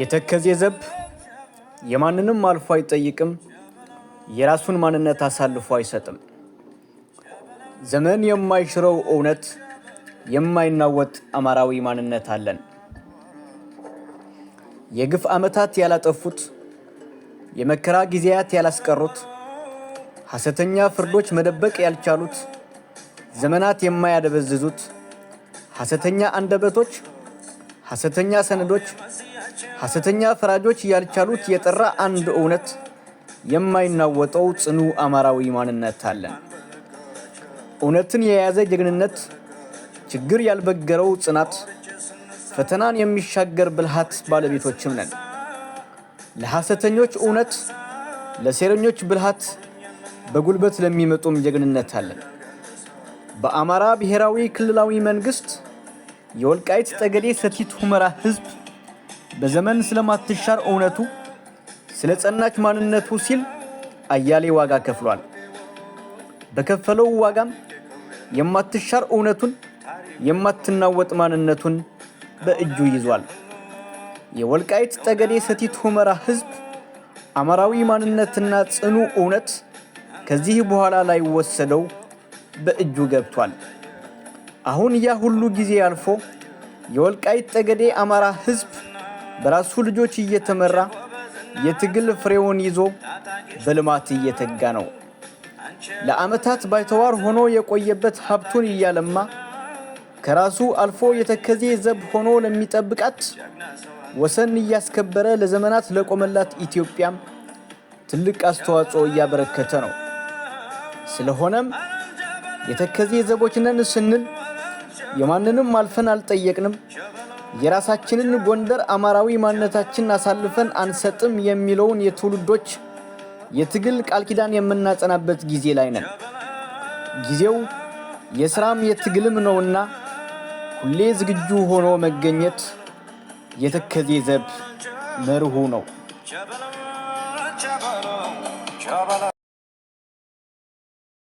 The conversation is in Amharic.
የተከዜ ዘብ የማንንም አልፎ አይጠይቅም፣ የራሱን ማንነት አሳልፎ አይሰጥም። ዘመን የማይሽረው እውነት፣ የማይናወጥ አማራዊ ማንነት አለን። የግፍ ዓመታት ያላጠፉት፣ የመከራ ጊዜያት ያላስቀሩት፣ ሐሰተኛ ፍርዶች መደበቅ ያልቻሉት፣ ዘመናት የማያደበዝዙት ሐሰተኛ አንደበቶች፣ ሐሰተኛ ሰነዶች ሐሰተኛ ፈራጆች ያልቻሉት የጠራ አንድ እውነት የማይናወጠው ጽኑ አማራዊ ማንነት አለን። እውነትን የያዘ ጀግንነት፣ ችግር ያልበገረው ጽናት፣ ፈተናን የሚሻገር ብልሃት ባለቤቶችም ነን። ለሐሰተኞች እውነት፣ ለሴረኞች ብልሃት፣ በጉልበት ለሚመጡም ጀግንነት አለን። በአማራ ብሔራዊ ክልላዊ መንግሥት የወልቃይት ጠገዴ ሰቲት ሁመራ ሕዝብ በዘመን ስለማትሻር እውነቱ ስለ ጸናች ማንነቱ ሲል አያሌ ዋጋ ከፍሏል። በከፈለው ዋጋም የማትሻር እውነቱን የማትናወጥ ማንነቱን በእጁ ይዟል። የወልቃይት ጠገዴ ሰቲት ሁመራ ሕዝብ አማራዊ ማንነትና ጽኑ እውነት ከዚህ በኋላ ላይ ወሰደው በእጁ ገብቷል። አሁን ያ ሁሉ ጊዜ አልፎ የወልቃይት ጠገዴ አማራ ህዝብ በራሱ ልጆች እየተመራ የትግል ፍሬውን ይዞ በልማት እየተጋ ነው። ለዓመታት ባይተዋር ሆኖ የቆየበት ሀብቱን እያለማ ከራሱ አልፎ የተከዜ ዘብ ሆኖ ለሚጠብቃት ወሰን እያስከበረ ለዘመናት ለቆመላት ኢትዮጵያም ትልቅ አስተዋጽኦ እያበረከተ ነው። ስለሆነም የተከዜ ዘቦች ነን ስንል የማንንም አልፈን አልጠየቅንም። የራሳችንን ጎንደር አማራዊ ማንነታችን አሳልፈን አንሰጥም የሚለውን የትውልዶች የትግል ቃል ኪዳን የምናጸናበት ጊዜ ላይ ነን። ጊዜው የስራም የትግልም ነውና ሁሌ ዝግጁ ሆኖ መገኘት የተከዜ ዘብ መርሁ ነው።